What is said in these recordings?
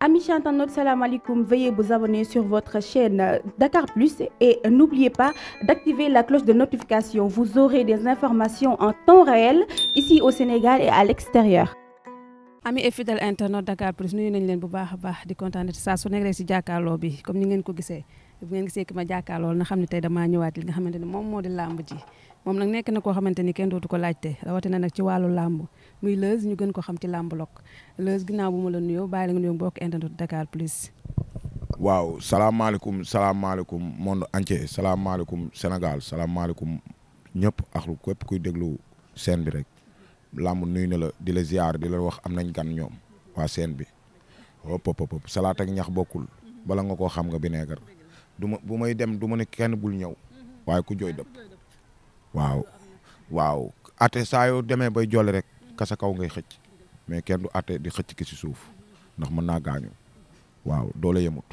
Amis chers internautes, salam alaikum. Veuillez vous abonner sur votre chaîne Dakar Plus et n'oubliez pas d'activer la cloche de notification. Vous aurez des informations en temps réel ici au Sénégal et à l'extérieur. ami et fidèle internaute Dakar Plus nuyu nañ leen bu baax a baax di kontaan saa su nekk rek si jàkkaarloo bi comme ni ngeen ko gisee bu ngeen gisee ki ma jàkkaarloo na xam ne tey damaa ñëwaat li nga xamante ne moom moo di làmb ji moom nag nekk na koo xamante ni kenn dootu ko laajte watina nag ci wàllu làmb muy Leuz ñu gën ko xam ci làmb lok Leuz ginnaaw bu ma la nuyoo bàyyi la nga nuyoo mbokk internet Dakar plus. waaw salaamaaleykum salaamaaleykum monde entier salaamaaleykum Sénégal salaamaaleykum ñëpp ak lu képp kuy déglu scène bi rek làmb nuyu na la di la ziar di la wax am nañ gan ñoom waa seen bi hop hop hop salaat ak ñax bokkul bala nga koo xam nga bineegar du ma bu may dem du ma ne kenn bul ñëw mm-hmm. waaye ku jooy dëpp. waaw waaw ate saa yoo demee bay jolli rek kasa kaw ngay xëcc mais kenn du ate di xëcc ki si suuf ndax mën naa gaañu waaw doole yemut.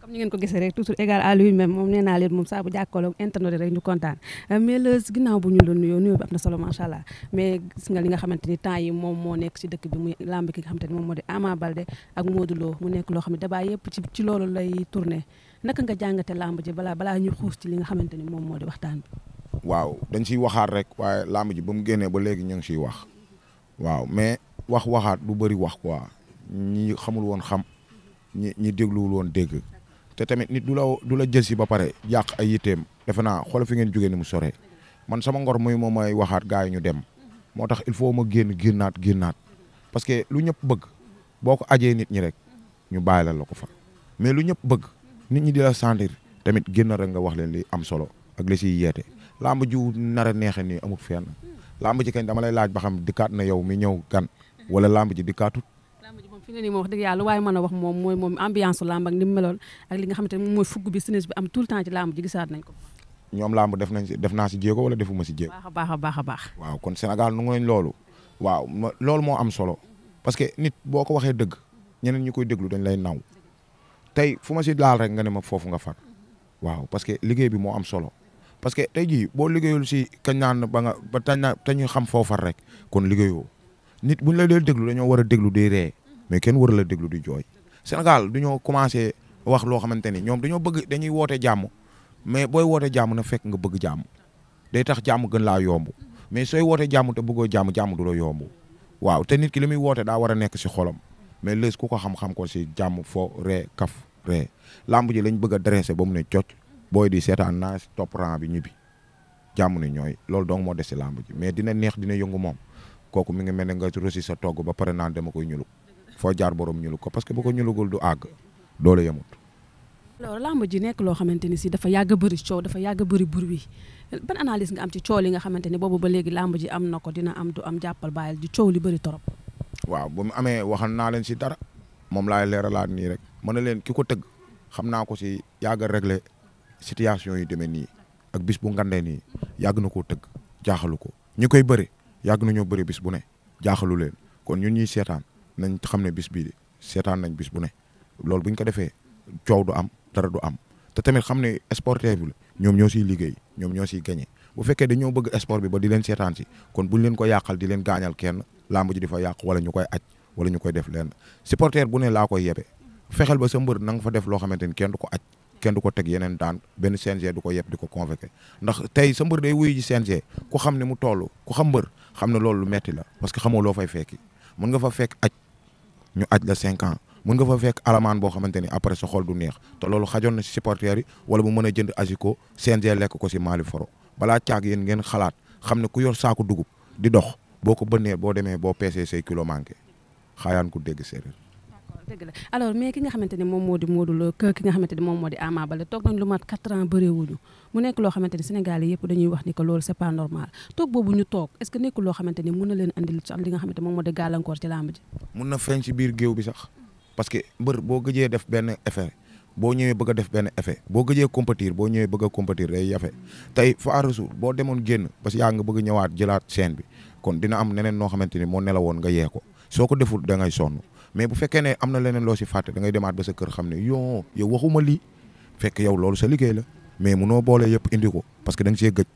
comme ni ngeen ko gisee rek toujours égal à lui-même moom nee naa leen moom saa bu jàkkaarloog internet rek ñu kontaan euh, mais bu ñu la nuyoo solo macha allah mais gis nga li nga xamante ni temps yi moom moo nekk si dëkk bi muy làmb ki nga xamante ni moom moo di Ama Baldé ak Modou mu nekk loo xam ne débat yëpp ci ci loolu lay tourné naka nga jàngate lamb ji balaa balaa ñu xuus ci li nga xamante ni moom moo di waxtaan bi. waaw dañ siy waxaat rek waaye làmb ji ba mu génnee ba léegi ñu ngi siy wax waaw mais wax waxaat du bëri wax quoi ñi xamul woon xam ñi ñi dégluwul woon dégg te tamit nit du la du la jël si ba pare yàq ay yitteem defe naa xool fi ngeen jógee mu sore man sama ngor muy moom mooy waxaat gars yi ñu dem moo tax il faut ma génn génnaat génnaat parce que lu ñëpp bëgg boo ko ajee nit ñi rek ñu bàyyi la la ko fa mais lu ñëpp bëgg nit ñi di la sentir tamit génn rek nga wax leen li am solo ak li siy yeete làmb ju nar a neexee nii amul fenn làmb ji kañ dama lay laaj ba xam dikkaat na yow mi ñëw gan wala làmb ji dikkaatut. làmb ji moom fi ne nii moom wax dëgg yàlla waaye mën a wax moom mooy moom ambiance su làmb ak ni mu meloon ak li nga xamante ne moom mooy fugg bi sinus bi am tout le temps ci làmb ji gisaat nañ ko. ñoom làmb def nañ si def naa si jéego wala defuma si jéego. baax a baax a baax waaw kon Sénégal nu nañ loolu. waaw loolu moo am solo parce que nit boo ko waxee dëgg ñeneen ñi koy déglu dañ lay naw tey fu ma si laal rek nga ne ma foofu nga far waaw parce que liggéey bi moo am solo parce que tey jii boo liggéeyul si kañ naan ba nga ba tañ na te ñu xam foofar rek kon liggéeyoo nit bu ñu la dee déglu dañoo war a déglu di ree mais kenn war déglu di jooy Sénégal duñoo ñoo commencé wax loo xamante ni ñoom dañoo bëgg dañuy woote jàmm mais booy woote jàmm na fekk nga bëgg jàmm day tax jàmm gën laa yomb mais sooy woote jàmm te bëggoo jàmm jàmm du la yomb waaw te nit ki la muy woote daa war a nekk si xolam mais lës ku ko xam-xam ko si jàmm fo ree kaf ree lamb ji lañ bëgg a dressé ba mu ne cocc boo booy di seetaan naa topp rang bi ñibbi jàmm ne ñooy loolu donc moo des si làmb mais dina neex dina yëngu moom kooku mi ngi mel ne nga rosi sa togg ba pare naan dama koy ñulu foo jaar borom ñulu ko parce que bu ko ñulugul du àgg doole yemut. alors làmb ji nekk loo xamante ni si dafa yàgg a bëri coow dafa yàgg a bëri bruit ban analyse nga am ci coow li nga xamante ni boobu ba léegi làmb ji am na ko dina am am jàppal bàyyil di coow li bëri torop. waaw bu mu amee waxal naa leen si dara moom laay leeralaat nii rek mën na leen ki ko tëgg xam naa ko si yàgg a réglé situation yi demee nii ak bis bu ngandee nii yàgg na koo tëgg jaaxalu ko ñi koy bëri yàgg nañoo bëri bis bu ne jaaxalu leen kon ñun ñuy seetaan nañ xam ne bis bii seetaan nañ bis bu ne loolu buñ ñu ko defee coow du am dara du am te tamit xam ne sportif bi ñoom ñoo siy liggéey ñoom ñoo siy gañe bu fekkee dañoo bëgg sport bi ba di leen seetaan si kon buñ leen ko yàqal di leen gaañal kenn làmb ji di fa yàq wala ñu koy aj wala ñu koy def leen supporter bu ne laa koy yebe fexeel ba sa mbër na nga fa def loo xamante ni kenn du ko aj kenn du ko teg yeneen daan benn CNG du ko yëpp di ko convoqué ndax tey sa mbër day wuyu ji CNG ku xam ne mu toll ku xam mbër xam ne loolu lu metti la parce que xamoo loo fay fekki mën nga fa fekk aj ñu aj la cinq ans mën nga fa fekk alamaan boo xamante ni après sa xol du neex te loolu xajoon na si supporters yi wala mu mën a jënd asiko CNG lekk ko si maali foro balaa caag yéen ngeen xalaat xam ne ku yor saako dugub di dox boo ko bënnee boo demee boo peesee say kilo manqué xaayaan ku dégg séeréer dëgg la alors ki nga xamante ni moom moo di Modou Lo ki nga moom moo di Ama Baldé toog nañ lu mat 4 ans bëreewuñu mu nekk loo xamante ni Sénégal loo xamante ni mun na leen andil ci am li nga xamante moom moo di gàllankoor ci làmb ji mun na feeñ ci biir géew bi sax parce que boo gëjee def benn effet boo ñëwee bëgg a def benn effet boo gëjee compétir boo ñëwee bëgg a compétir day yafe tey Fara Sour boo demoon génn parce que yaa nga bëgg ñëwaat jëlaat scène bi kon dina am neneen noo xamante ni moo nelawoon nga yee ko soo ko deful da ngay sonn mais bu fekkee ne am na leneen loo si fàtte da ngay demaat ba sa kër xam ne yo yow waxuma lii fekk yow loolu sa liggéey la mais munoo boole yëpp indi ko parce que da see gëj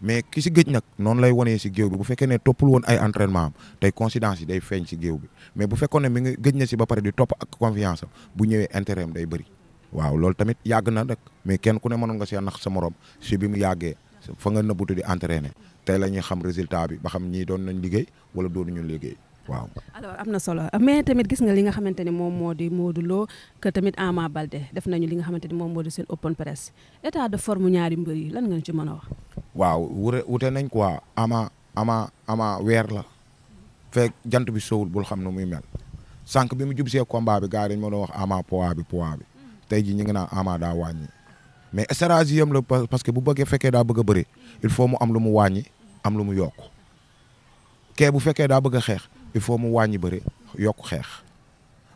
mais ki si gëj nag noonu lay wanee si géew bi bu fekkee ne toppul woon ay entraînement am tey coïncidence yi day feeñ si géew bi mais bu fekkoon ne mi ngi gëj na si ba pare di topp ak confiance bu ñëwee intérêt am day bëri waaw loolu tamit yàgg na rek mais kenn ku ne mënoon nga see nax sa morom bi mu yàggee fa nga nëbbutu di entraîner tey la ñuy xam résultat bi ba xam ñii doon nañ liggéey wala doonuñu liggéey waaw am na solo mais tamit gis nga li nga xamante ne moom moo di moo Lo que tamit Ama Balde def nañu li nga xamante ni moom moo di seen open press état de forme ñaari mbër yi lan nga ci mën a wax. waaw wute wute nañ quoi Ama Ama Ama weer la fekk jant bi sowul bul xam ne muy mel sànq bi mu jub see combat bi gars yi dañ ma doon wax Ama poids bi poids bi tey jii ñu ngi naan Ama daa wàññi mais stratégie yam la parce que bu bëggee fekkee daa bëgg a bëri il faut mu am lu mu wàññi am lu mu yokk kee bu fekkee daa bëgg a xeex. il faut mu wàññi bëri yokk xeex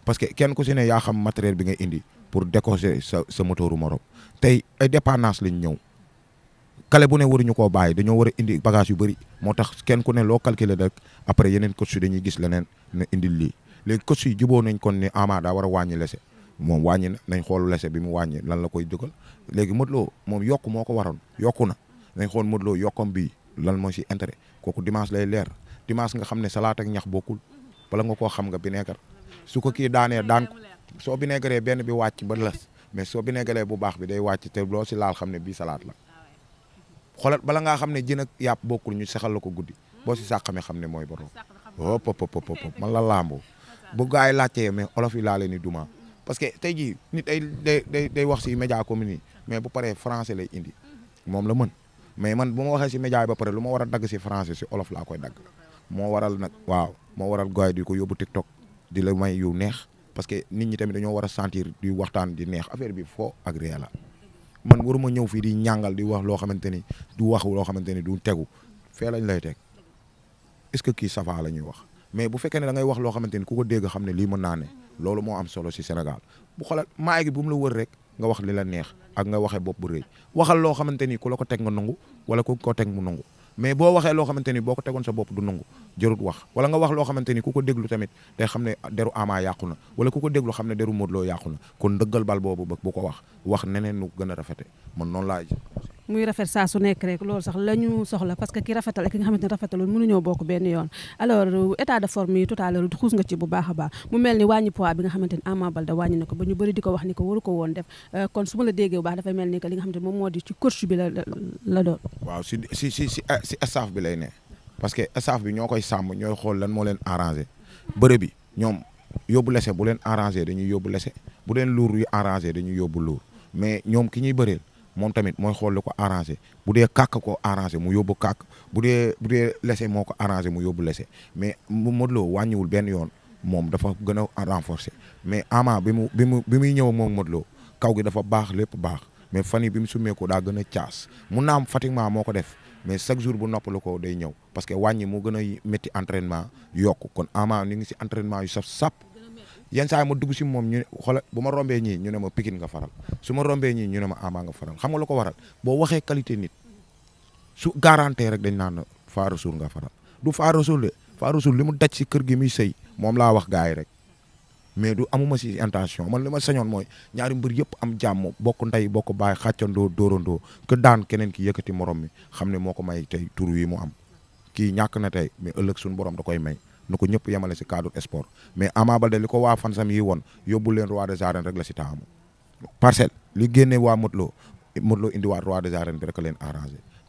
parce que kenn ku si ne yaa xam matériel bi nga indi pour décocher sa sa moteuru morom tey ay dépendance lañ ñëw kale bu ne waruñu koo bàyyi dañoo war a indi bagage yu bari moo tax kenn ku ne loo calculer rek après yeneen coach yi dañuy gis leneen ne indil lii léegi coach yi juboo nañ kon ni Ama daa war a wàññi lese moom wàññi na nañ xool lese bi mu wàññi lan la koy dugal léegi Modou Lo moom yokk moo ko waroon yokku na nañ xool Modou Lo yokkam bi lan moo si intérêt kooku dimanche lay leer dimanche nga xam ne salaat ak ñax bokkul bala nga koo xam nga bineegar su ko kii daanee daan ko soo bineegaree benn bi wàcc ba las mais soo bineegaree bu baax bi day wàcc te loo si laal xam ne bii salaat la xoolal bala ngaa xam ne jën ak yàpp bokkul ñu saxal la ko guddi boo si sàqamee xam ne mooy borom hop oh, hop hop man la laamboo bu gaa yi laajtee mais olof yi laa leen di duma parce que tey jii nit day day day wax si média commune yi mais bu paree français lay indi moom la mën mais man bu waxee si média ba pare lu ma war a dagg si français si olof laa koy dagg moo waral nag waaw moo waral gars yi di ko yóbbu TikTok di la may yu neex parce que nit ñi tamit dañoo war a sentir di waxtaan di neex affaire bi foo agréé la man waruma ñëw fii di ñàngal di wax loo xamante ni du wax loo xamante ni du tegu fee lañ lay teg est-ce que kii safa la ñuy wax mais bu fekkee ne da wax loo xamante ni ku ko dégg xam ne lii mën naa ne loolu moo am solo si Sénégal bu xoolal maay gi bu mu la wër rek nga wax li la neex ak nga waxee bopp bu rëy waxal loo xamante ni ku la ko teg nga nangu wala ku ko teg mu nangu mais boo waxee loo xamante ni boo ko tegoon sa bopp du nangu jërut wax wala nga wax loo xamante ni ku ko déglu tamit day xam ne deru Ama yàqu na wala ku ko déglu xam ne deru Modou Lo yàqu na kon dëggal bal boobu bu ko wax wax neneen nu gën a rafete man noonu laa muy rafet saa su nekk rek loolu sax la ñu soxla parce que ki rafetal ak ki nga xamante ne rafetalul mënuñoo bokk benn yoon alors état de forme yi tout à l'heure xuus nga ci bu baax a baax mu mel ni wàññi poids bi nga xamante ne Ama Baldé wàññi na ko ba ñu bëri ni ko waru ko woon def euh, kon waaw si si ah, bi lay ne parce que staff bi ñoo koy sàmm ñooy xool lan moo leen arrangé bëre bi ñoom yóbbu lese bu leen arrangé dañuy yóbbu lese bu leen luur yu arrangé dañuy yóbbu luur mais ñoom ki ñuy bëreel moom tamit mooy xool lu ko arrangé bu dee kàkk ko arrangé mu yóbbu kak bu dee bu dee lese moo ko arrangé mu yóbbu lese mais Modou Lo wàññiwul benn yoon moom dafa gën a renforcer mais Ama bi mu bi mu bi muy ñëw moom Modou kaw gi dafa baax lépp baax mais fan yi bi mu summeeku daa gën a caas mun naa am fatiguement moo ko def mais chaque jour bu noppalu ko day ñëw parce que wàññi mu gën a métti entraînement yokk kon Ama ni ngi si entraînement yu saf sap yenn saa ma dugg si moom ñu xola bu ma rombee ñii ñu ne ma pikin nga faral su ma rombee ñii ñu ne ma Ama nga faral xam nga lu ko waral boo waxee qualité nit su garanté rek dañ naan Fara Sour nga faral du Fara Sour de Fara li mu daj si kër gi muy sëy moom laa wax gars yi rek mais du amuma si intention man li ma señoon mooy ñaari mbër yëpp am jàmm bokk ndey bokk baay xàccandoo dóorandoo que daan keneen ki yëkkati morom mi xam ne moo ko may tey tur wi mu am kii ñàkk na tey mais ëllëg suñu borom da koy may na ko ñëpp yemale si cadre sport mais Ama Baldé li ko waa fansam yi woon yóbbu leen roi des arènes rek la si taamu parcelle li génne waa Modou Lo indiwaat roi des arènes bi rek leen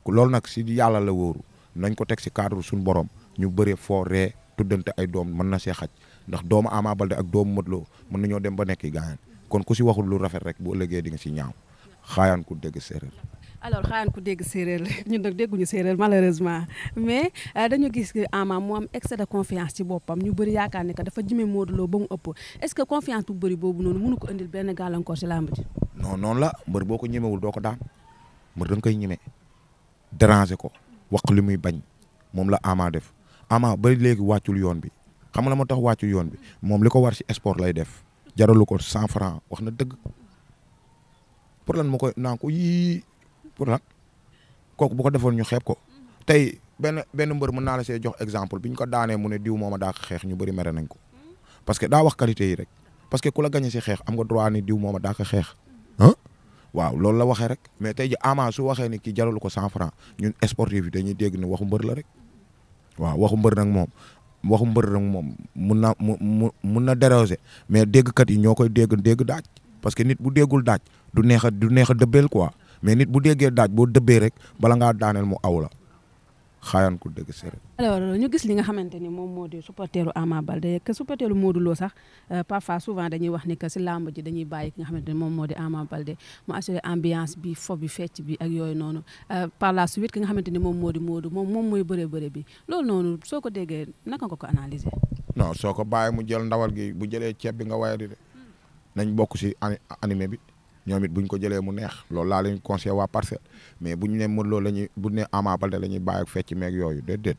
ku loolu nag si yàlla la wóoru nañ ko teg si cadre suñu borom ñu bëree foo ree tuddante ay doom mën na see xaj ndax doomu Ama Baldé ak doomu Modou Lo mën nañoo dem ba nekki gaañan kon ku si waxul lu rafet rek boo ëllëgee di nga si ñaaw xaayaan ku dégg séeréer alors xanaan ku dégg séeréer la ñun nag dégguñu séeréer malheureusement mais euh, dañu gis que Ama mu am excès de confiance ci boppam ñu bëri yaakaar ne que dafa jëmee Modou Lo ba mu ëpp est que confiance bu bëri boobu noonu mënu ko indil benn gàllankoor ci làmb ji. non noonu la mbër boo ko ñemewul doo ko daan mbër da koy ñeme déranger ko wax li muy bañ moom la Ama def Ama ba léegi wàccul yoon bi xam nga la moo tax wàccul yoon bi moom li ko war ci sport lay def jaralu ko cent franc wax na dëgg pour lan kooku bu ko defoon ñu xeeb ko mm-hmm. tey benn benn mbër mën naa la see jox exemple bi ñu ko daanee mu ne diw a daa xeex ñu bari mere nañ ko mm-hmm. parce que daa wax qualité yi rek parce que ku la gañe si xeex am nga droit ni diw mooma daa ko xeex ah waaw loolu la waxee rek mais tey ji ama su waxee ni kii jaralu ko cent franc ñun sportif yi dañuy dégg ne waxu mbër la rek waaw waxu mbër nag moom waxu mbër nag moom mun na mu mun na déroger mais déggkat yi ñoo koy dégg dégg daaj parce que nit bu déggul daaj du neex a du neex a dëbbeel quoi mais nit bu déggee daaj boo dëbbee rek bala ngaa daaneel mu aw la xaayaan ku dégg séeréer. alors ñu gis li nga xamante ni moom moo di supporteru Ama Baldé que supporteru Modou sax euh, parfois souvent dañuy wax ni que si làmb ji dañuy bàyyi ki nga xamante ni moom moo di Ama Baldé mu assuré bi fo bi bi ak yooyu noonu euh, par la ki nga xamante ni moom moo di Modou moom moom mooy bëree bëre bi loolu noonu soo ko déggee naka nga ko analyser. non soo ko bàyyi mu jël ndawal gi bu jëlee ceeb bi nga waaye di de hmm. nañ bokk si animé bi. ñoom it buñ ko jëlee mu neex loolu laa leen conseillé waa parcelle mais buñ ne Modou Lo la ñuy buñ ne Ama Baldé la ñuy bàyyi ak fecc meeg yooyu déedéet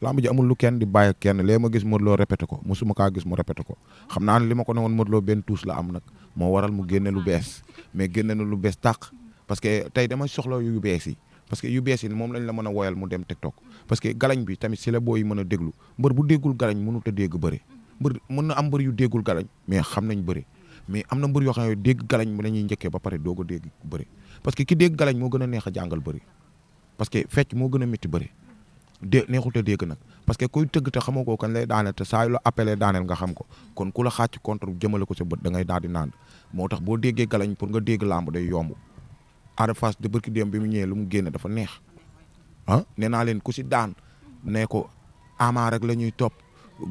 lu kenn di bàyyi kenn léegi ma gis Modou Lo ko mosuma kaa gis mu répété ko xam naa ne li ma ko ne woon Modou Lo benn tuus am nag moo waral mu génne lu bees mais génne na lu bees tàq parce que tey dama soxla yu bees yi parce que yu bees yi moom lañ la mën a woyal mu dem TikTok parce que galañ bi tamit si la booy mën a déglu mbër bu déggul galañ mënut a dégg bëre mbër mën na am mbër yu déggul galañ mais xam nañ bëre mais am na mbër yoo xam ne dégg galañ mu dañuy njëkkee ba pare a dégg bëri parce que ki dégg galañ a neex a jàngal bëri parce que fecc moo gën a métti bëri dé neexul te dégg nag parce que kuy tëgg te xamoo ko kan lay saa yu la appelé nga xam ko kon ku la xàcc contre ko sa bët da ngay daal di moo tax boo déggee galañ pour nga dégg làmb day yomb Ada Fass de barki démb bi mu ñëwee lu mu génne dafa neex ah nee naa leen ku si daan nee ko ama rek la ñuy topp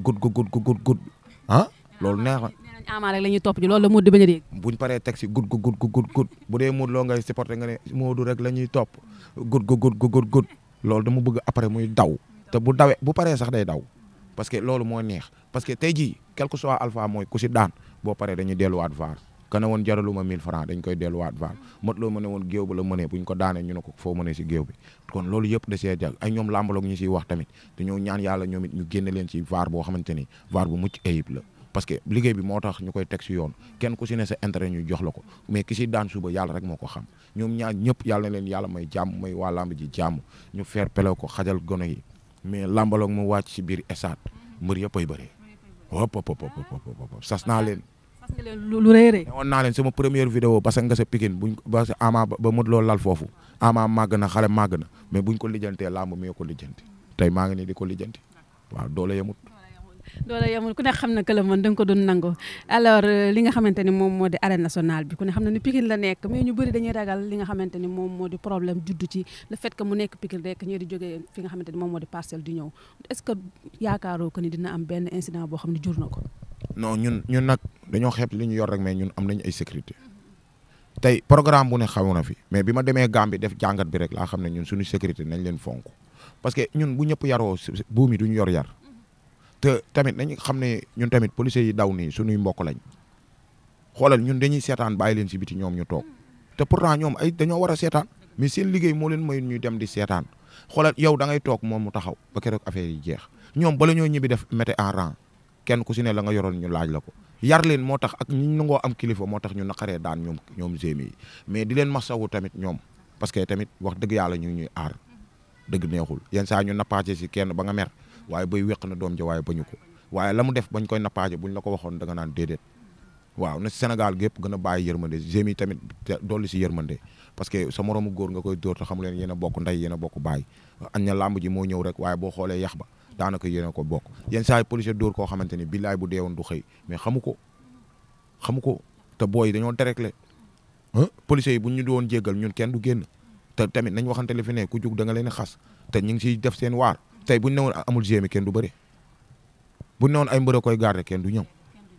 gud gud gud gud ah loolu neex Ama la ñuy topp ji loolu la Modou di bañ a dégg buñ paree gu gu gut gut bu dee Modou Lo ngay supporté nga ne Modou rek la ñuy topp gut gu bëgg après muy daw te bu dawee bu paree sax day daw parce que loolu moo neex parce que tey jii quel que soit alpha mooy ku si daan boo paree dañuy delluwaat vaar kana woon jaraluma 1000 francs dañ koy delluwaat vaar mot loo mëne woon géew ba la mënee bu ñu ko daanee ñu ne ko foo mënee si géew bi kon loolu yëpp da see ay ñoom làmbaloog ñu si wax tamit dañoo ñaan yàlla ñoom it ñu génne leen si vaar boo xamante ni vaar bu mucc ayib la parce que liggéey bi moo tax ñu koy teg si yoon kenn ku si ne sa intérêt ñu jox la ko mais ki si daan suba yàlla rek moo ko xam ñoom ñaar ñëpp yàlla na leen yàlla may jàmm may waa làmb ji jàmm ñu feer pele ko xajal gono yi mais làmbaloog mu wàcc si biir esaat mbër yëpp ay bëree hop hop hop sas naa leen. parce que lu naa leen sama première vidéo parce que nga sa Pikine buñ ba sa Ama ba Modou Lo lal foofu Ama màgg na xale màgg na mais buñ ko lijjantee làmb mi ko lijjanti tey maa ngi nii di ko lijjanti waaw doole yemut. doole yamul ku ne xam na que la man da nga ko doon nango alors euh, li nga xamante ni moom moo di arène nationale bi ku ne xam na ni Pikine la nekk mais ñu bëri dañuy ragal li nga xamante ni moom moo di problème juddu ci le fait que mu nekk Pikine rek ñii di jógee fi nga xamante ni moom moo di parcelle di ñëw est-ce que yaakaaroo que ni dina am benn incident boo xam ne jur na ko. non ñun ñun nag dañoo xeeb li ñu yor rek mais ñun am nañu ay sécurité tey programme bu ne xamu na fi mais bi ma demee Gambie def jàngat bi rek laa xam ne ñun suñu sécurité nañ leen fonk parce que ñun bu ñëpp yaroo buum yi duñu yor yar te tamit nañu xam ne ñun tamit policiers yi daw nii suñuy mbokk lañ xoolal ñun dañuy seetaan bàyyi leen si biti ñoom ñu toog te pour pourtant ñoom ay dañoo war a seetaan mais seen liggéey moo leen mayul ñuy dem di seetaan xoolal yow da ngay toog moom mu taxaw ba keroog affaire yi jeex ñoom bala ñoo ñibbi def mété en rang kenn ku si la nga yoroon ñu laaj la ko yar leen moo tax ak ñu nangoo am kilifa moo tax ñu naqaree daan ñoom ñoom gémi yi mais di leen masawu tamit ñoom parce que tamit wax dëgg yàlla ñu ñuy aar dëgg neexul yenn saa ñu nappaate si kenn ba nga mer waaye bay weq na doom ja waaye bañu ko waaye la mu def bañ koy nappaaje buñ la ko waxoon danga nga naan déedéet waaw na Sénégal gépp gën a bàyyi yërmande jéem yi tamit dolli si yërmande parce que sa moroomu góor nga koy dóor te xam leen yéen a bokk ndey yéen a bokk baay añ na làmb ji moo ñëw rek waaye boo xoolee yax ba daanaka yéen a ko bokk yenn saa yi policier dóor koo xamante ni billaay bu deewoon du xëy mais xamu ko xamu ko te booy dañoo déréglé policiers yi bu ñu doon jéggal ñun kenn du génn te tamit nañ waxante li fi ne jug da nga leen xas te ñu ngi siy def seen waar tey bu ñu amul GMI kenn du bëri bu ñu ay mbër koy garder kenn du ñëw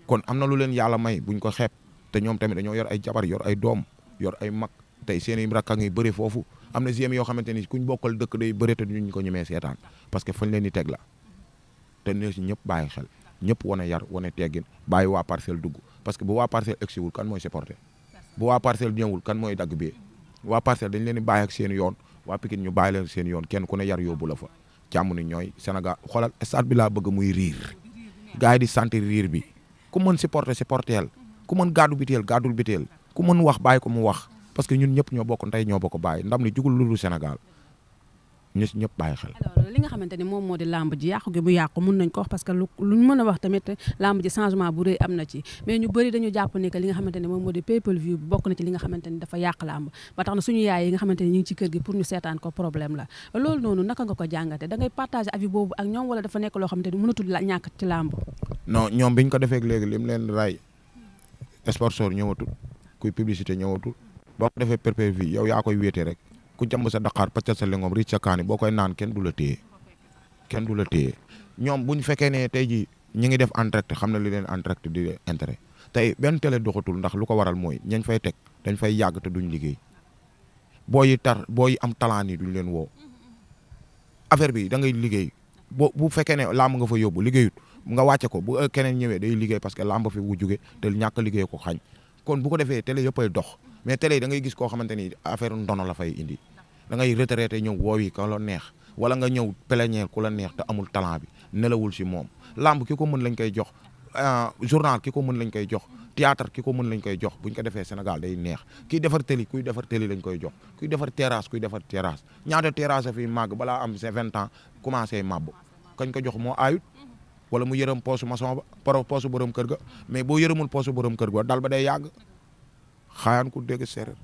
kon am na lu leen yàlla may buñ ko xeep te ñoom tamit dañoo yor ay jabar yor ay doom yor ay mag tey seen i rakk ngi bëri foofu am na GMI yoo xamante ni kuñ bokkal dëkk day bëri te duñ ko ñemee seetaan parce que fañ leen di teg la te ne si ñëpp bàyyi xel ñëpp wane yar wane teggin bàyyi waa parcelle dugg parce que bu waa parcelle egsiwul kan mooy supporter bu waa parcelle wul kan mooy dagg bi waa parcelle dañ leen di ak seen yoon waa Pikine ñu bàyyi leen seen yoon kenn ku ne yar yóbbu la fa jàmm ni ñooy Sénégal xoolal stade bi laa bëgg muy riir gars di sentir riir bi ku mën supporter supporteel ku mën gàddu biteel gàddul biteel ku mën wax bàyyi ko mu wax parce que ñun ñëpp ñoo bokk ndey ñoo bokk bàyyi ndam li jugul lu dul Sénégal ñu si ñëpp bàyyi xel. alors li moom moo di làmb ji yàqu gi mu yàqu mun nañ ko wax parce que lu luñ mën a wax tamit làmb ji changement bu rëy am na ci mais ñu bëri dañu jàpp ne que li nga moom moo di pay-per-view bokk na ci li nga xamante ni dafa yàq làmb ba tax na suñu yaay yi nga xamante ni ñu ngi ci kër ko problème la loolu noonu naka nga ko jàngate da boobu ak ñoom wala dafa nekk loo xamante ni mënatul la ñàkk ci làmb non ñoom biñ ko defee léegi lim leen ray sponsor ñëwatul kuy publicité ñëwatul boo ko defee pay-per-view yaa koy wéete rek ku jàmb sa daqaar paccal sa lengoom ric kaani boo koy naan kenn du la téye kenn du la téye ñoom bu ñu fekkee ne tey ji ñi ngi def entracte xam ne li leen entracte di entere tey benn télé doxatul ndax lu ko waral mooy ñañ fay teg dañ fay yàgg te liggéey boo yi tar boo yi am talent yi leen woo affaire bi da ngay liggéey boo bu fekkee ne làmb nga fa yóbbu liggéeyut nga wàcce ko bu keneen ñëwee day liggéey parce que làmb fi bu jóge te ñàkk liggéey ko xañ kon bu ko defee télé yëppay dox mais tele yi da ngay gis koo xamante ni affaire ndono la fay indi da ngay retraité ñëw woowi ko la neex wala nga ñëw plénière ku la neex te amul talent bi nelawul si moom lamb ki ko mën lañ koy jox euh, journal ki ko mën lañ koy jox théâtre ki ko mën lañ koy jox buñ ko defee Sénégal day neex kuy defar télé kuy defar télé lañ koy jox kuy defar terrasse kuy defar terrasse ñaata terrasse fi màgg balaa am sa vingt ans commencé màbb kañ ko jox moo aayut wala mu yërëm poosu maçon ba paro poosu borom kër ga mais boo yërëmul poosu borom kër ga dal ba day yàgg xaayaan ku dégg séeréer.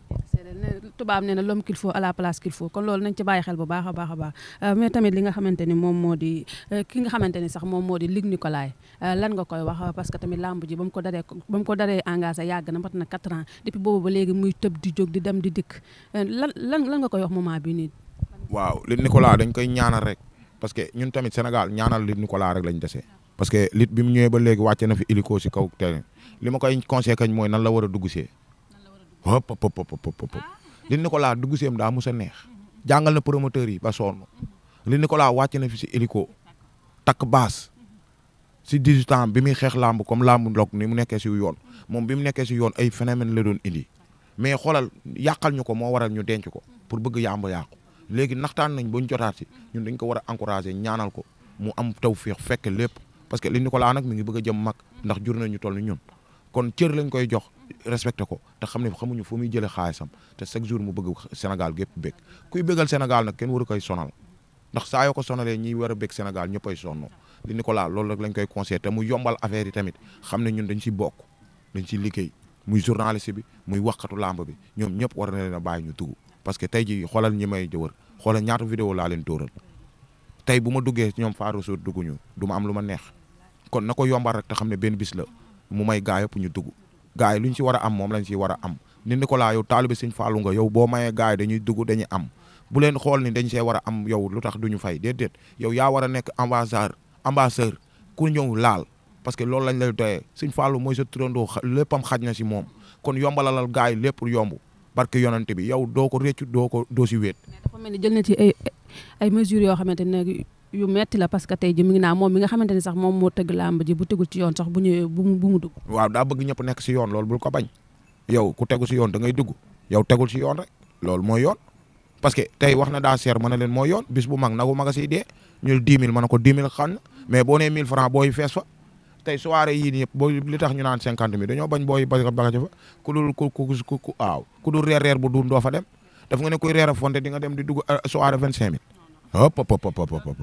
tubaab nee na l'homme qu'il faut la place qu'il faut kon loolu nañ ci bàyyi xel bu baax a baax a baax euh, tamit li nga xamante ni moom moo di euh, ki nga xamante ni sax moom moo di Luc Nicolaï euh, lan nga koy wax parce que tamit làmb ji ba ko daree ba ko daree engagé yàgg na mat na 4 ans depuis boobu ba léegi di dem di dikk lan lan lan nga koy wax moment bi nii. waaw Luc Nicolaï dañ koy ñaanal rek parce que ñun tamit Sénégal ñaanal Luc Nicolaï rek lañ dese. parce que lit bi mu ñëwee ba léegi wàcce na fi hélico si kaw terrain li ma koy conseillé kañ mooy nan la war a dugg see hop hop hop hop li Nicolas dugg si am daa mos a neex jàngal na promoteur yi ba sonn li Nicolas wàcc na fi si hélico takk baas si 18 ans bi muy xeex làmb comme làmb ndok ni mu nekkee si yoon moom bi mu nekkee si yoon ay phénomène la doon indi mais xoolal yàqal ñu ko moo waral ñu denc ko pour bëgg yàmb yàqu léegi naxtaan nañ ba ñu jotaat si ñun dañ ko war a encourager ñaanal ko mu am taw tawféex fekk lépp parce que li Nicolas nag mi ngi bëgg a jëm mag ndax jur nañu toll ñun. kon cër lañ koy jox respecté ko te xam ne xamuñu foo muy jëlee xaalisam te chaque jour mu bëgg Sénégal gépp bëgg kuy bëggal Sénégal nag kenn waru koy sonal ndax saa yoo ko sonalee ñiy war a bëgg Sénégal ñëppay sonn li Nicolas loolu rek lañ koy conseillé mu yombal affaire yi tamit xam ne ñun dañ ci bokk dañ ci liggéey muy journaliste bi muy waxkatu làmb bi ñoom ñëpp war na leen a bàyyi ñu dugg parce que tey ji xoolal ñi may jëwër xoolal ñaata vidéo laa leen tóoral tey bu ma duggee ñoom Farouz dugguñu du ma am lu ma neex kon na ko yombal rek te xam ne benn bis la mu may gaa yëpp ñu dugg gaa yi lu ñu si war a am moom lañ si war a am ni Nicolas yow taalibe Sëñ Faalu nga yow boo mayee gaa dañuy dugg dañuy am bu leen xool ni dañ see war a am yow lu tax duñu fay déedéet yow yaa war a nekk ambassadeur ambassadeur ku ñëw laal parce que loolu lañ lay doyee Sëñ Faalu mooy sa turandoo léppam xaj na si moom kon yombalalal gaa yi lépp yomb barke yonante bi yow doo ko réccu doo ko doo si wéet. dafa mel ni jël na ci ay ay yu metti la parce que tey ji mi ngi naa moom mi nga xamante ni sax moom moo tëgg làmb ji bu tegul ci yoon sax bu ñëwee bu mu dugg. waaw daa bëgg ñëpp nekk si yoon loolu bul ko bañ yow ku ngay dugg yow tegul si yoon rek loolu mooy yoon parce que tey wax na daa seer mën na leen mooy yoon bis bu mag nagu maga siy dee ñu dix ko mais boo nee mille franc booy fees tax ñu naan cinquante mille dañoo bañ booy bagaja ku reer reer bu doo fa dem daf nga ne kuy reer a fonte di nga dem di dugg euh, soirée vingt cinq hop hop hop hop hop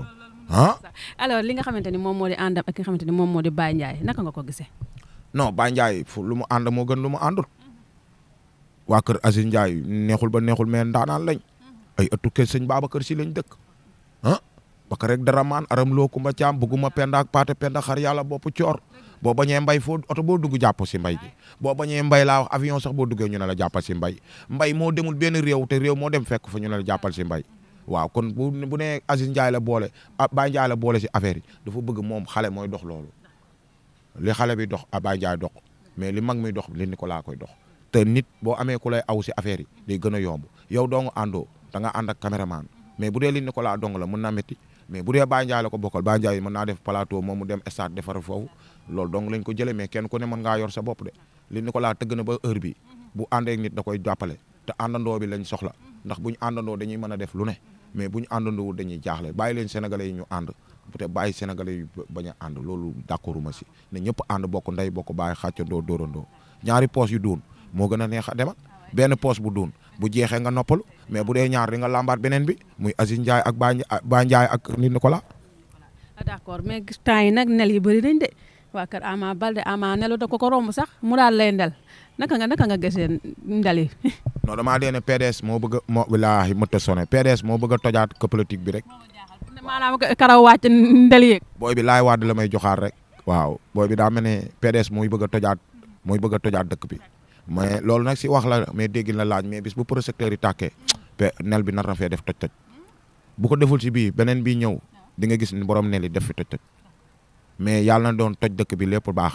ah. alors li nga xamante ni moom moo di àndam ak ki nga xamante ni moom moo di Baye Ndiaye naka nga ko gisee. non Baye Ndiaye fu lu mu ànd moo gën lu mu àndul. waa kër Aziz Ndiaye neexul ba neexul mais ndaanaan lañ. ay ëttu kër sëñ Babacar Si lañ dëkk. ah parce que rek dara maan aram loo kumba caam bëgguma penda ak paate penda xar yàlla bopp coor. boo bañee mbay foo oto boo dugg jàpp si mbay bi boo bañee mbay laa wax avion sax boo duggee ñu ne la jàppal si mbay mbay moo demul benn réew te réew moo dem fekk fa ñu ne la jàppal si mbay waaw kon bu bu nee Aziz la boole ah Baye la boole si affaire yi dafa bëgg moom xale mooy dox loolu li xale bi dox ah dox mais li mag mi dox li Nicolas koy dox te nit boo amee ku lay aw si affaire yi day gën a yomb yow dong àndoo da nga ànd ak caméraman mais bu dee li Nicolas dong la mën naa métti mais bu dee Baye Ndiaye la ko bokkal Baye Ndiaye mën naa def plateau moom mu dem stade defar foofu lool dong lañ ko jëlee me kenn ku ne mën ngaa yor sa bopp de li Nicolas tëgg na ba heure bi bu àndee nit da koy jàppale te àndandoo bi lañ soxla ndax buñ àndandoo dañuy mën a def lu ne mais bu ñu àndandoowul dañuy jaaxle bàyyi leen sénégalais yi ñu ànd peut-être bàyyi sénégalais yi bañ a ànd loolu d'accorduma si ne ñëpp ànd bokk ndey bokk bàyyi xàccandoo dóorandoo ñaari poos yu duun moo gën a neex a demal benn poos bu duun bu jeexee nga noppalu mais bu dee ñaar di nga làmbaat beneen bi muy Aziz Ndiaye ak baa Ndiaye ak nit Nicolas. d'accord mais temps nag nel yi bëri nañ de. waa kër Ama Balde Ama nelu da ko ko romb sax mu daal lay ndel naka nga naka nga gisee ndel yi. non damaa leen ne moo bëgg a moo wallaahi mëtta sone PDS moo bëgg a tojaat ko politique bi rek. maanaam karaw wàcc ndel yeeg. booy bi laay waad la may joxaar rek. waaw booy bi daa mel ne PDS mooy bëgg tojaat mooy bëgg tojaat dëkk bi mais loolu nag si wax la mais dégg la laaj mais bis bu prosecteur yi tàkkee nel bi nar na fee def toj bu ko deful si bii beneen bii ñëw di nga gis ni borom nel yi def fi toj-toj. mais yàlla na doon toj dëkk bi lépp baax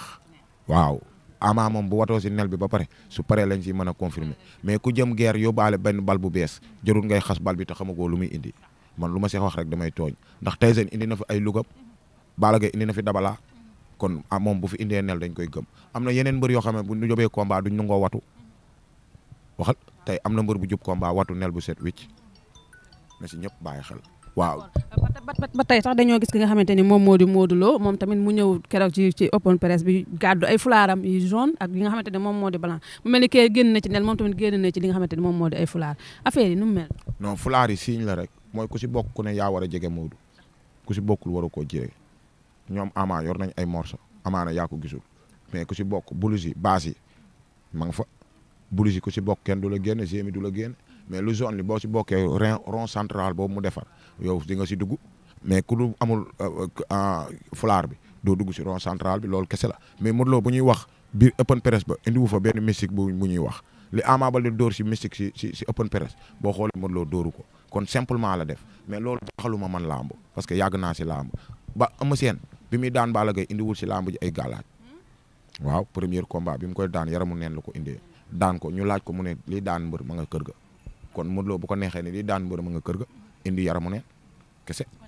waaw ama moom bu watoo si nel bi ba pare su paree lañ si mën a confirmer mais ku jëm geer guerre baale benn bal bu bees jarul ngay xas bal bi te xamagoo lu muy indi man lu ma see wax rek damay tooñ ndax Tyson indi na fi ay lugab Balla Gaye indi na fi dabala kon ah, moom bu fi indee nel dañ koy gëm am na yeneen mbër yoo xam ne bu ñu jógee combat duñ nangoo watu waxal tey am na mbër bu jub combat watu nel bu set wicc na si ñëpp bàyyi xel. waaw. ba tey sax dañoo gis ki nga xamante ni moom moo di Modou loo moom tamit mu ñëw keroog ci ci open press bi gàddu ay fulaaram yu jaune ak li nga xamante ni moom moo di blanc mu mel ni kee génn na ci nel moom tamit génn na ci li nga xamante ni moom moo di ay fulaar affaire yi nu mel. non fulaar yi la rek mooy ku si bokk ku ne yaa war a jege Modou ku si bokkul waroo koo jire ñoom ama yor nañ ay morceau amaana yaa ko gisul mais ku si bokk bulus yi base yi fa bulus yi si bokk kenn du la génn gémi du la génn mais lu zone li boo si bokkee rond rond central boobu mu defar yow di nga si dugg mais ku du amul euh, euh, fulaar bi doo dugg si rond central bi loolu kese la mais Modou Lo bu ñuy wax bi open press ba indiwu fa benn mystique bu bu ñuy wax li Ama Baldé dóor ci mystique ci ci ci open press boo xool Modou Lo dóoru ko kon simplement la def mais loolu ma man làmb parce que yàgg naa si làmb ba ama Sène bi muy daan Balla Gaye indiwul si làmb ji ay gàllaaj waaw premier combat bi mu koy daan yaramu neen la ko indee daan ko ñu laaj ko mu ne li daan mbër ma nga ga kon Modou loo bu ko neexee ni li daan mbër ma nga kër ga indi yaramu neen kese. bu ko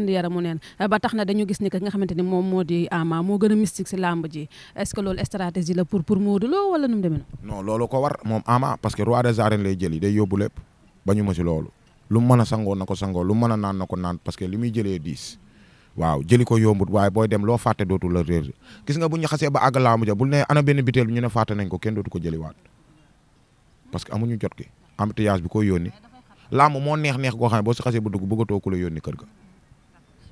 neexee ba tax na dañu gis ni que nga xamante moom moo di Ama moo gën a mystique si làmb ji pour pour Modou Lo wala nu moom Ama parce que roi des arènes lay jëli day yóbbu lépp bañu si loolu lu mu mën a sangoo na ko sangoo lu mu mën a naan na ko naan parce que li muy jëlee diis waaw jëli ko yombut waaye booy dem loo fàtte dootu la réer gis nga bu ñu ba àgg laamu ja ne ana benn biteel ñu ne fàtte ko kenn dootu ko jëliwaat parce que amuñu jot gi embouteillage bi ko yónni làmb moo neex-neex goo xam ne boo si xasee bu dugg bëggatoo ku la yónni kër ga.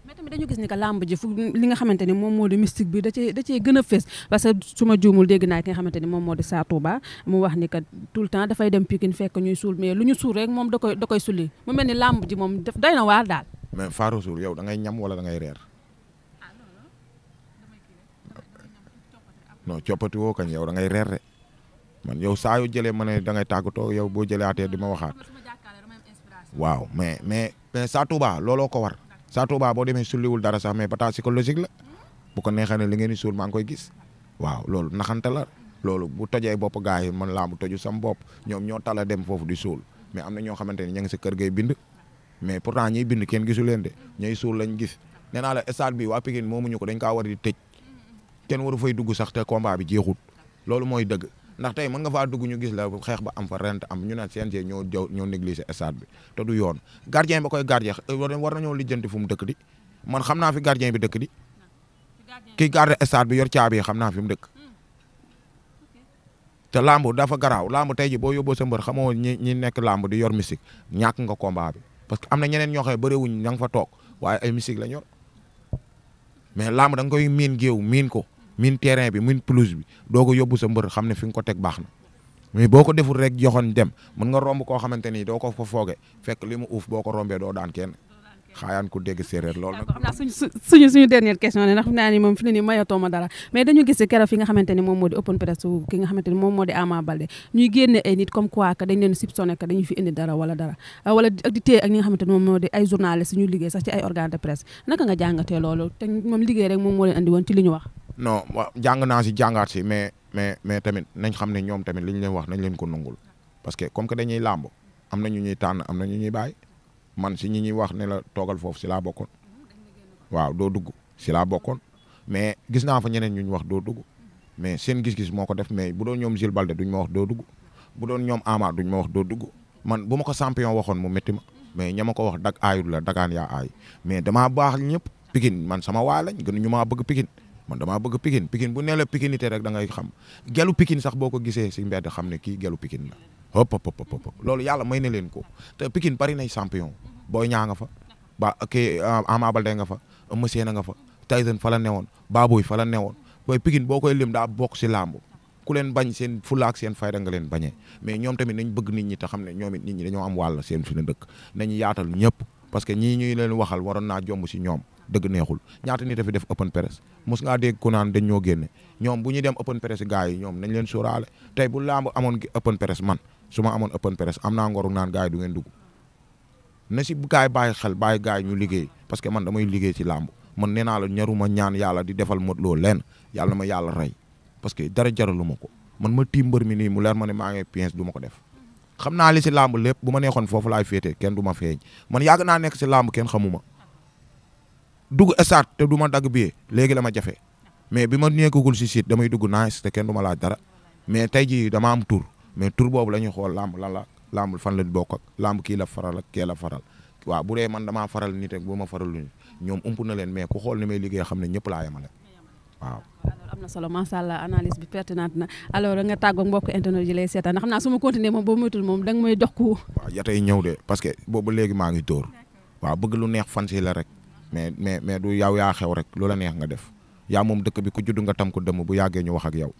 mais tamit dañu gis ni que làmb ji fu li nga xamante ni moom moo di bi da cee da cee gën a fës parce que su ma juumul nga xamante ni moom moo di Sa Touba mu wax ni que tout le temps dafay dem Pikine fekk ñuy suul mais lu ñu suul rek moom da koy da koy mu mel ni làmb ji moom day doy na waar daal. mais Faro Sour yow da ngay ñam wala da ngay reer. Ah, woo kañ yow da ngay reer de. man yow saa yu jëlee ma a da ngay tàggatoo yow boo jëlaatee di ma waxaat waaw mais mais mais Sa Touba looloo ko war Sa Touba boo demee sulliwul dara sax mais bata psychologique la bu ko neexee ne li ngeen di suul maa ngi koy gis waaw loolu naxante la loolu bu tojee bopp gars yi man laa bu toju sam bopp ñoom ñoo tala dem foofu di suul mais am na ñoo xamante ne ña ngi sa kër gay bind mais pourtant ñiy bind kenn gisu leen de ñooy suul lañ gis nee naa la stade bi waa Pikine moomuñu ko dañ kaa di tëj kenn waru fay dugg sax te bi jeexul loolu mooy dëgg ndax tey mën nga faa dugg ñu gis la xeex ba am fa rent am ñu naan CNG ñoo jaw ñoo négligé stade bi te du yoon gardien ba koy gardien war nañoo lijjanti fu mu dëkk di man xam naa fi gardien bi dëkk di kii garde stade bi yor caabi yi xam naa fi mu dëkk te lamb dafa garaaw lamb tey ji boo yóbboo sa mbër xamoo ñi ñi nekk lamb di yor mystique ñàkk nga combat bi parce que am na ñeneen ñoo xam ne ña nga fa toog waaye ay mystique la yor mais lamb da nga koy miin géew miin ko min terrain bi min pelouse bi doo ko yóbbu sa mbër xam ne fi nga ko teg baax na mais nga romb koo xamante ni doo ko fa fooge fekk li mu uuf boo ko rombee doo daan kenn xaayaan ku dégg séeréer loolu nag. xam naa suñu ne ndax xam naa ni moom fi ne nii moom moo di open press ki nga xamante ni moom moo di Ama Balde ñuy génne ay nit comme quoi que dañ leen soupçonné que dañu fi indi dara wala dara ak ah di ak ñi nga moom moo di ay journaliste ñu liggéey sax ci ay organe de presse naka nga jàngatee loolu te moom liggéey rek moom moo leen andi woon non waaw jàng naa si jàngaat si mais mais mais tamit nañ xam ne ñoom tamit li ñu leen wax nañ leen ko nangul parce que comme que dañuy làmb am na ñu ñuy tànn am na ñu ñuy baay man si ñi ñuy wax ne la toogal foofu si laa bokkoon waaw doo dugg si laa bokkoon mais gis naa fa ñeneen ñu ñu wax doo dugg mais seen gis-gis moo ko def mais bu doon ñoom Jules Balde duñ ma wax doo dugg bu doon ñoom Ama duñ ma wax doo dugg man bu ma ko champion waxoon mu métti ma mais ña ma ko wax dag aayul la dagaan yaa mais damaa baax ñëpp Pikine man sama waa lañ gën ñu maa bëgg Pikine man damaa bëgg pikin pikin bu nee la pikinité rek da ngay xam gelu pikin sax boo ko gisee si mbedd xam ne kii gelu pikin la hop hop hop hop loolu yàlla may na leen ko te pikin bari nay champion booy ñaa nga fa ba kii euh, Ama Baldé nga fa Eumeu Sène nga fa Tyson fa la newoon Baboy fa la newoon booy pikin boo koy lim daa bokk si làmb ku leen bañ seen fulla ak seen fayda nga leen bañee mais ñoom tamit nañ bëgg nit ñi te xam ne ñoom it nit ñi dañoo am wàll seen fi na dëkk nañu yaatal ñëpp parce que ñii ñuy leen waxal waroon naa jomb si ñoom dëgg neexul ñaata nit a fi def open press mos ngaa dégg ku naan dañ ñoo génne ñoom bu ñuy dem open press gars yi ñoom nañ leen sóoraale tey bu làmb amoon open press man su ma amoon open press am naa ngoru naan gars yi du ngeen dugg na si gars yi bàyyi xel bàyyi gars ñu liggéey parce que man damay liggéey ci làmb man nee naa la ñaruma ñaan yàlla di defal mot loolu leen yàlla ma yàlla rey parce que dara jaralu ma ko man ma tiim mbër mi nii mu leer ma ne maa ngi pièce ma ko def xam naa li si làmb lépp bu ma neexoon foofu laay féete kenn du ma feeñ man yàgg naa nekk si làmb kenn xamuma dugg stade te du ma dagg billet léegi la ma jafe mais bi ma nekkagul si site damay dugg nice te kenn du ma laaj dara mais tey jii dama am tur mais tur boobu la ñuy xool lamb la la lamb fan la bokk lamb kii la faral ak kee faral waaw bu dee man damaa faral nit rek ma faral lu ñoom ump na leen mais ku xool ni may liggéey xam ne ñëpp laa yemale waaw. alors am na solo macha allah analyse bi pertinente na alors nga tàggoog mbokk internet yi lay naa su ma continuer moom boo moytul moom danga may jox ku. waaw ñëw de que boobu léegi maa ngi dóor waaw bëgg lu neex fan si la rek mais mais mais du yow yaa xew rek loola neex nga def yaa moom dëkk bi ku judd nga tam ko dëmm bu yàggee ñu wax ak yow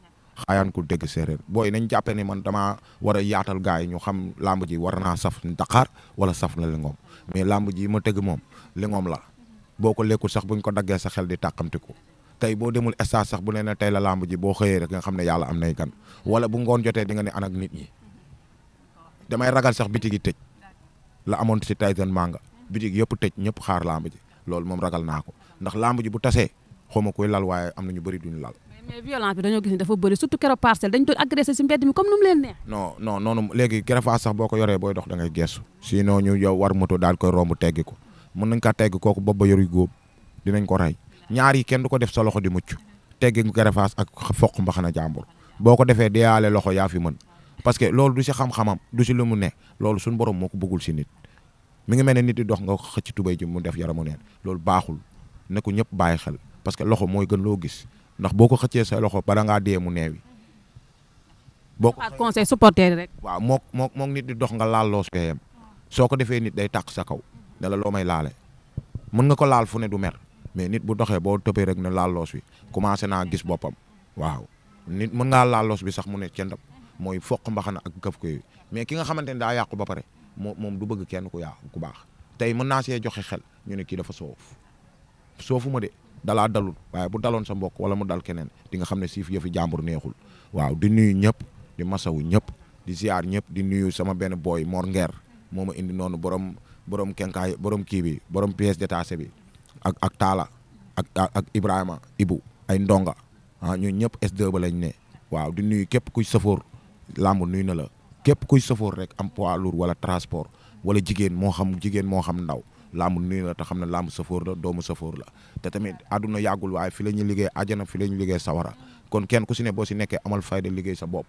xaayaan ku dégg séeréer booy nañ jàppe ni man damaa war yaatal gars yi ñu xam làmb ji war naa saf Dakar wala saf na lingoom mais làmb ji ma teg moom lingoom la boo ko lekkul sax buñ ko daggee sax xel di ko tey boo demul stage sax bu nee na tey la làmb ji boo xëyee rek nga xam ne yàlla am nay gan wala bu ngoon jotee di ne an nit ñi damay ragal sax bitig yi tëj la amoon ci Tyson Manga bitig yëpp tëj ñëpp xaar làmb ji loolu moom ragal naa ko ndax lamb ji bu tasee xaw ma koy lal waaye am na ñu bëri duñu lal. mais violence bi dañoo gis ni dafa bëri surtout keroog parcelle dañ doon agressé si mbedd mi comme nu mu leen noonu boo ko yoree dox da ngay geesu. sinon ñu yow war moto daal koy romb teggi ko mën nañ kaa tegg kooku bopp ba yoru góob dinañ ko rey ñaar yi kenn du ko def sa loxo di mucc teggi keroog ak foq mbaxana jàmbur boo ko defee deeyaale loxo yaa fi mën parce que loolu du si xam-xamam du si lu mu ne loolu suñu borom moo ko bëggul si nit mi ngi mel ne nit di dox nga xëcc tubay ji mu def yaramu neen loolu baaxul ne ko ñëpp bàyyi xel parce que loxo mooy gën loo gis ndax boo ko xëccee sa loxo bara ngaa dee mu neewi boo ko conseil supporter rek. waaw mook mook mook nit di dox nga laal loo yem soo ko defee nit day tàq sa kaw ne la loo may laale mën nga ko laal fu ne du mer mais nit bu doxee boo toppee rek ne laaloos loos bi commencé naa gis boppam waaw nit mën ngaa laal bi sax mu ne cëndam mooy foq mbaxana ak këf ko mais ki nga xamante ne daa yàqu ba pare moom moom du bëgg kenn ku yaa ku baax tey mën naa see joxe xel ñu ne kii dafa soof soofu ma de dalaa dalul waaye bu daloon sa mbokk wala mu dal keneen di nga xam ne siif yëfi jàmbur neexul waaw di nuyu ñëpp di masawu ñëpp di ziar ñëpp di nuyu sama benn booy Mor Nguer moo ma indi noonu borom borom kenkaay borom kii bi borom pièce détachée bi ak ak Talla ak ak Ibrahima Ibu ay ndonga ah ñun ba lañ ne waaw di nuyu képp kuy safoor làmb nuyu na la képp kuy safoor rek am pois lourd wala transport wala jigéen moo xam jigéen moo xam ndaw laamu nii la te xam ne laamu safoor la doomu safoor la te tamit àdduna yàggul waaye fi la ñuy liggéey àjjana fi la ñuy liggéey sawara kon kenn ku si boo si nekkee amal fayda liggéey sa bopp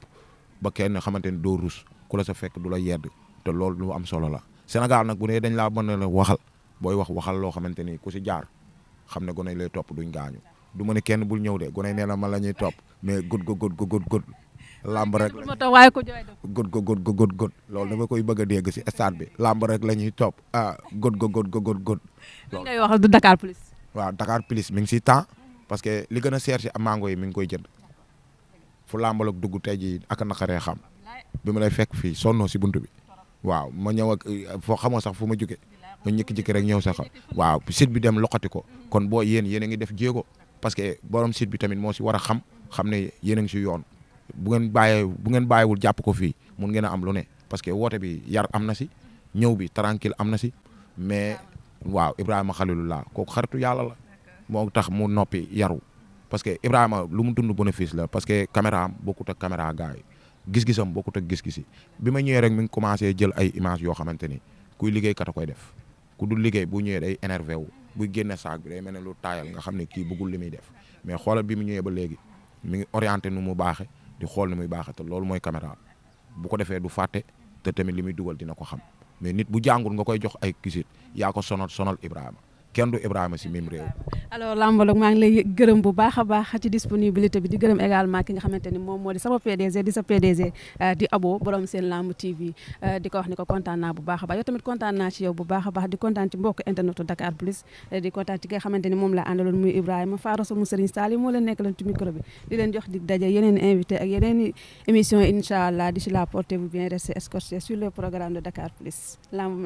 ba kenn xamante ni doo rus ku la sa fekk du la yedd te loolu lu am solo la Sénégal nag bu ne dañ laa mën a waxal booy wax waxal loo xamante ni ku si jaar xam ne gone lay topp duñ gaañu du ma ne kenn bul ñëw de gone nee na man la ñuy topp mais gud gud gud gud làmb rek god go god go god god loolu da nga koy bëgg a dégg si stade bi làmb rek la ñuy topp ah god go god go god god loolu ngay wax du Dakar plus waaw Dakar plus mi ngi si temps parce que li gën a seer si mango yi mi ngi koy jënd fu làmb la dugg tey jii ak naqaree xam bi ma lay fekk fii sonnoo si buntu bi waaw ma ñëw ak foo xamoo sax fu ma jóge ma njëkk-jëkk rek ñëw sax waaw site bi dem loqati ko kon boo yéen yéen a ngi def jéego parce que borom site bi tamit moo si war a xam xam ne yéen a ngi si yoon bu ngeen bàyyee bu ngeen bàyyiwul jàpp ko fii mun ngeen am lu ne parce que woote bi yar am na si ñëw bi tranquille am na si mais waaw Ibrahima laa kooku xaritu yàlla la moo tax mu noppi yaru parce que Ibrahima lu mu dund bénéfice la parce que caméra am bokkut ak caméra gars yi gis-gisam bokkut ak gis-gisi bi ma ñëwee rek mi ngi commencé jël ay image yoo xamante ni kuy liggéey kat koy def ku du liggéey bu ñëwee day énervé wu buy génne saag bi day mel ne lu taayal nga xam ne kii bëggul li muy def mais xoolal bi mu ñëwee ba léegi mi ngi orienté nu mu baaxee di xool ni muy baaxee loolu mooy caméra bu ko defee du fàtte te tamit li muy dugal dina ko xam mais nit bu jàngul nga koy jox ay kisit yaa ko sonal sonal Ibrahima. kenn du Ibrahima si mim réew. alors Lambalogue maa ngi lay gërëm bu baax a baax ci disponibilité bi di gërëm également ki nga xamante ni moom moo di sama PDG di sa PDG euh, di abo borom seen lamb TV euh, di ko wax ni ko kontaan naa bu baax a baax yow tamit kontaan naa ci yow bu baax a baax di kontaan ci mbokk internetu Dakar plus euh, di kontaan ci ki nga xamante ni moom la àndaloon muy Ibrahima Faroso mu Serigne Sali moo leen nekk leen ci micro bi di leen jox di daje yeneen invité yeneen émission incha allah d'ici là portez bien restez escortés sur le programme de Dakar plus lamb